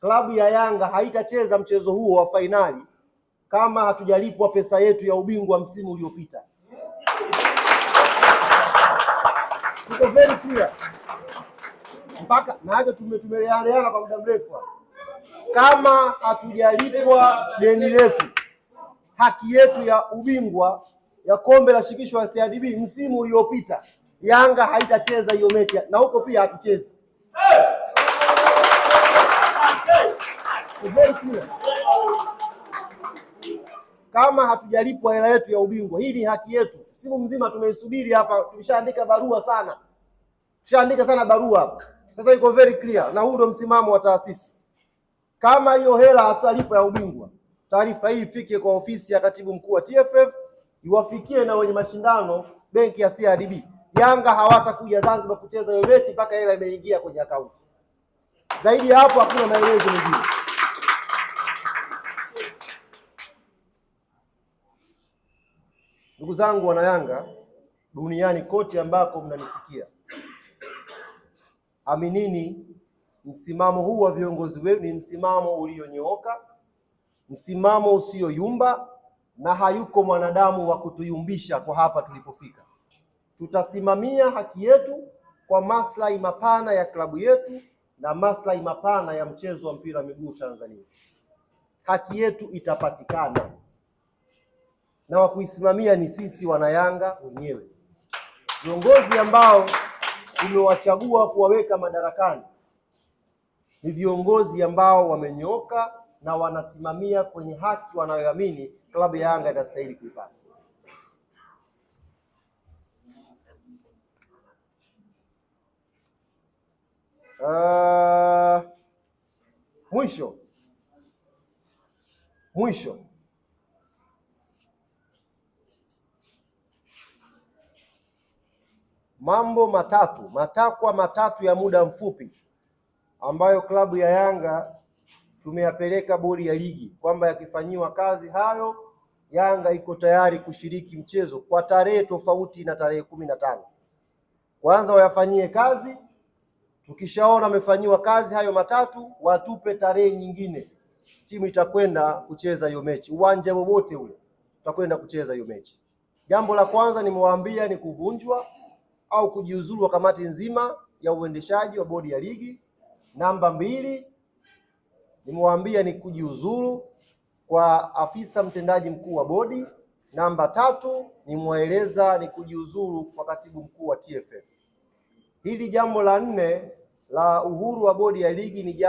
klabu ya Yanga haitacheza mchezo huo wa fainali kama hatujalipwa pesa yetu ya ubingwa msimu uliopita. Tuko very clear mpaka na hata tumeleana kwa muda mrefu, kama hatujalipwa deni letu, haki yetu ya ubingwa ya kombe la shirikisho la CRDB msimu uliopita, Yanga haitacheza hiyo mechi, na huko pia hatuchezi kama hatujalipwa hela yetu ya ubingwa. Hii ni haki yetu, Simu mzima tumeisubiri hapa, tumeshaandika barua sana, tushaandika sana barua Sasa iko very clear, na huu ndio msimamo wa taasisi. Kama hiyo hela hatutalipwa ya ubingwa, taarifa hii ifike kwa ofisi ya katibu mkuu wa TFF, iwafikie na wenye mashindano benki ya CRDB. Yanga hawatakuja Zanzibar kucheza yoyote mpaka hela imeingia kwenye akaunti. Zaidi ya hapo hakuna maelezo mengine. Ndugu zangu Wanayanga duniani kote ambako mnanisikia, aminini, msimamo huu wa viongozi wenu ni msimamo ulionyooka, msimamo usioyumba, na hayuko mwanadamu wa kutuyumbisha kwa hapa tulipofika. Tutasimamia haki yetu kwa maslahi mapana ya klabu yetu na maslahi mapana ya mchezo wa mpira wa miguu Tanzania. Haki yetu itapatikana na wa kuisimamia ni sisi wanayanga wenyewe. Viongozi ambao tumewachagua kuwaweka madarakani ni viongozi ambao wamenyooka na wanasimamia kwenye haki wanayoamini klabu ya Yanga inastahili kuipata. Uh, mwisho mwisho mambo matatu matakwa matatu ya muda mfupi ambayo klabu ya Yanga tumeyapeleka bodi ya ligi kwamba yakifanyiwa kazi hayo, Yanga iko tayari kushiriki mchezo kwa tarehe tofauti na tarehe kumi na tano. Kwanza wayafanyie kazi, Tukishaona amefanyiwa kazi hayo matatu, watupe tarehe nyingine, timu itakwenda kucheza hiyo mechi, uwanja wowote ule tutakwenda kucheza hiyo mechi. Jambo la kwanza nimewaambia ni kuvunjwa au kujiuzulu wa kamati nzima ya uendeshaji wa bodi ya ligi. Namba mbili nimewaambia ni kujiuzulu kwa afisa mtendaji mkuu wa bodi. Namba tatu nimewaeleza ni kujiuzulu kwa katibu mkuu wa TFF. Hili jambo la nne la uhuru wa bodi ya ligi ni jambo